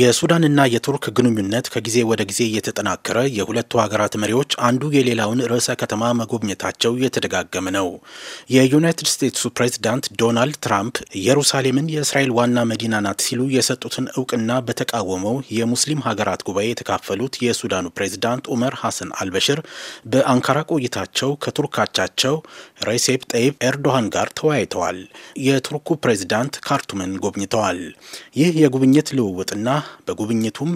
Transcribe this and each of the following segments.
የሱዳንና የቱርክ ግንኙነት ከጊዜ ወደ ጊዜ እየተጠናከረ የሁለቱ ሀገራት መሪዎች አንዱ የሌላውን ርዕሰ ከተማ መጎብኘታቸው እየተደጋገመ ነው። የዩናይትድ ስቴትሱ ፕሬዚዳንት ዶናልድ ትራምፕ ኢየሩሳሌምን የእስራኤል ዋና መዲና ናት ሲሉ የሰጡትን እውቅና በተቃወመው የሙስሊም ሀገራት ጉባኤ የተካፈሉት የሱዳኑ ፕሬዚዳንት ኡመር ሐሰን አልበሽር በአንካራ ቆይታቸው ከቱርካቻቸው ሬሴፕ ጠይብ ኤርዶሃን ጋር ተወያይተዋል። የቱርኩ ፕሬዚዳንት ካርቱምን ጎብኝተዋል። ይህ የጉብኝት ልውውጥና በጉብኝቱም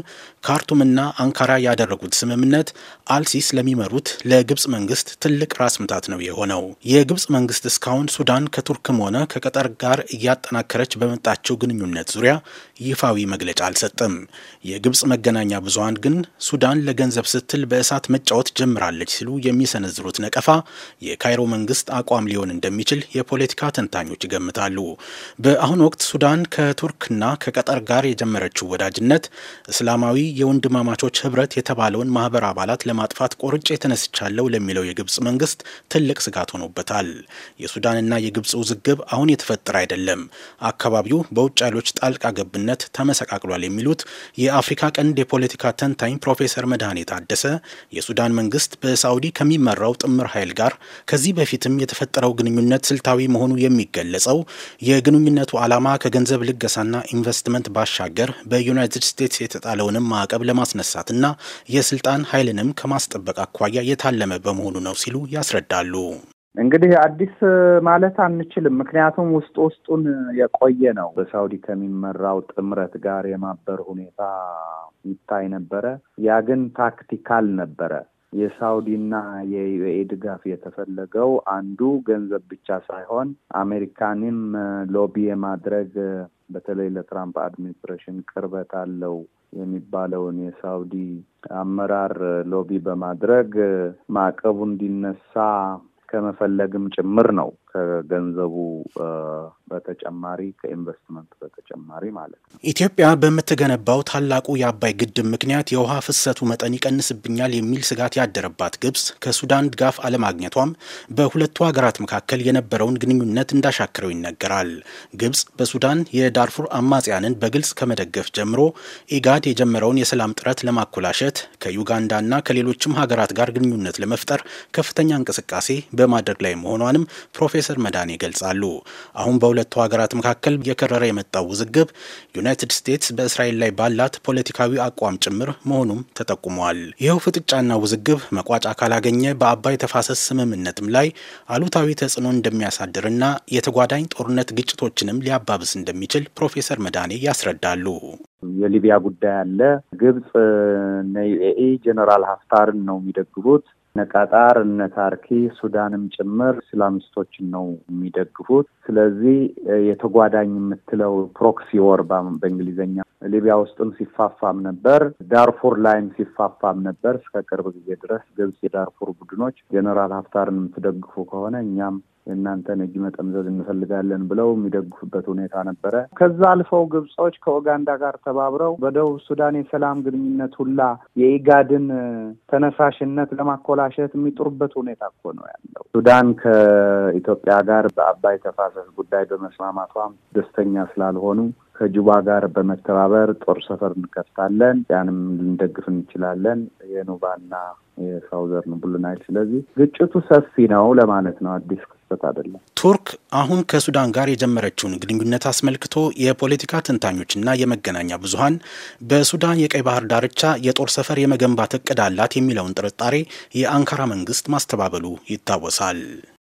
ካርቱምና አንካራ ያደረጉት ስምምነት አልሲስ ለሚመሩት ለግብጽ መንግስት ትልቅ ራስ ምታት ነው የሆነው። የግብፅ መንግስት እስካሁን ሱዳን ከቱርክም ሆነ ከቀጠር ጋር እያጠናከረች በመጣቸው ግንኙነት ዙሪያ ይፋዊ መግለጫ አልሰጥም። የግብፅ መገናኛ ብዙሀን ግን ሱዳን ለገንዘብ ስትል በእሳት መጫወት ጀምራለች ሲሉ የሚሰነዝሩት ነቀፋ የካይሮ መንግስት አቋም ሊሆን እንደሚችል የፖለቲካ ተንታኞች ይገምታሉ። በአሁኑ ወቅት ሱዳን ከቱርክና ከቀጠር ጋር የጀመረችው ወዳጅ ወዳጅነት እስላማዊ የወንድማማቾች ህብረት የተባለውን ማህበር አባላት ለማጥፋት ቆርጬ ተነስቻለሁ ለሚለው የግብፅ መንግስት ትልቅ ስጋት ሆኖበታል። የሱዳንና የግብፅ ውዝግብ አሁን የተፈጠረ አይደለም፣ አካባቢው በውጭ ኃይሎች ጣልቃ ገብነት ተመሰቃቅሏል የሚሉት የአፍሪካ ቀንድ የፖለቲካ ተንታኝ ፕሮፌሰር መድኃኔ ታደሰ የሱዳን መንግስት በሳውዲ ከሚመራው ጥምር ኃይል ጋር ከዚህ በፊትም የተፈጠረው ግንኙነት ስልታዊ መሆኑ የሚገለጸው የግንኙነቱ ዓላማ ከገንዘብ ልገሳና ኢንቨስትመንት ባሻገር በዩ በዩናይትድ ስቴትስ የተጣለውንም ማዕቀብ ለማስነሳትና የስልጣን ኃይልንም ከማስጠበቅ አኳያ የታለመ በመሆኑ ነው ሲሉ ያስረዳሉ። እንግዲህ አዲስ ማለት አንችልም። ምክንያቱም ውስጥ ውስጡን የቆየ ነው። በሳውዲ ከሚመራው ጥምረት ጋር የማበር ሁኔታ ይታይ ነበረ። ያ ግን ታክቲካል ነበረ። የሳውዲና የዩኤ ድጋፍ የተፈለገው አንዱ ገንዘብ ብቻ ሳይሆን አሜሪካንም ሎቢ የማድረግ በተለይ ለትራምፕ አድሚኒስትሬሽን ቅርበት አለው የሚባለውን የሳውዲ አመራር ሎቢ በማድረግ ማዕቀቡ እንዲነሳ ከመፈለግም ጭምር ነው። ከገንዘቡ በተጨማሪ ከኢንቨስትመንቱ በተጨማሪ ማለት ነው። ኢትዮጵያ በምትገነባው ታላቁ የአባይ ግድብ ምክንያት የውሃ ፍሰቱ መጠን ይቀንስብኛል የሚል ስጋት ያደረባት ግብጽ ከሱዳን ድጋፍ አለማግኘቷም በሁለቱ ሀገራት መካከል የነበረውን ግንኙነት እንዳሻክረው ይነገራል። ግብጽ በሱዳን የዳርፉር አማጽያንን በግልጽ ከመደገፍ ጀምሮ ኢጋድ የጀመረውን የሰላም ጥረት ለማኮላሸት ከዩጋንዳና ከሌሎችም ሀገራት ጋር ግንኙነት ለመፍጠር ከፍተኛ እንቅስቃሴ በማድረግ ላይ መሆኗንም ፕሮፌ ፕሮፌሰር መዳን ይገልጻሉ። አሁን በሁለቱ ሀገራት መካከል የከረረ የመጣው ውዝግብ ዩናይትድ ስቴትስ በእስራኤል ላይ ባላት ፖለቲካዊ አቋም ጭምር መሆኑም ተጠቁመዋል። ይኸው ፍጥጫና ውዝግብ መቋጫ ካላገኘ በአባይ ተፋሰስ ስምምነትም ላይ አሉታዊ ተጽዕኖ እንደሚያሳድርና የተጓዳኝ ጦርነት ግጭቶችንም ሊያባብስ እንደሚችል ፕሮፌሰር መድኃኔ ያስረዳሉ። የሊቢያ ጉዳይ አለ። ግብጽ የኤ ጀነራል ሀፍታርን ነው የሚደግፉት። ነቃጣር እነ ታርኪ ሱዳንም ጭምር እስላሚስቶችን ነው የሚደግፉት። ስለዚህ የተጓዳኝ የምትለው ፕሮክሲ ወር በእንግሊዝኛ ሊቢያ ውስጥም ሲፋፋም ነበር፣ ዳርፉር ላይም ሲፋፋም ነበር። እስከ ቅርብ ጊዜ ድረስ ግብጽ የዳርፉር ቡድኖች ጀኔራል ሀፍታርን የምትደግፉ ከሆነ እኛም የእናንተን እጅ መጠምዘዝ እንፈልጋለን ብለው የሚደግፉበት ሁኔታ ነበረ። ከዛ አልፈው ግብጾች ከኡጋንዳ ጋር ተባብረው በደቡብ ሱዳን የሰላም ግንኙነት ሁላ የኢጋድን ተነሳሽነት ለማኮላሸት የሚጥሩበት ሁኔታ እኮ ነው ያለው። ሱዳን ከኢትዮጵያ ጋር በአባይ ተፋሰስ ጉዳይ በመስማማቷም ደስተኛ ስላልሆኑ ከጁባ ጋር በመተባበር ጦር ሰፈር እንከፍታለን፣ ያንም ልንደግፍ እንችላለን። የኑባና የሳውዘርን ብሉ ናይል። ስለዚህ ግጭቱ ሰፊ ነው ለማለት ነው፣ አዲስ ክስተት አይደለም። ቱርክ አሁን ከሱዳን ጋር የጀመረችውን ግንኙነት አስመልክቶ የፖለቲካ ትንታኞችና የመገናኛ ብዙኃን በሱዳን የቀይ ባህር ዳርቻ የጦር ሰፈር የመገንባት እቅድ አላት የሚለውን ጥርጣሬ የአንካራ መንግስት ማስተባበሉ ይታወሳል።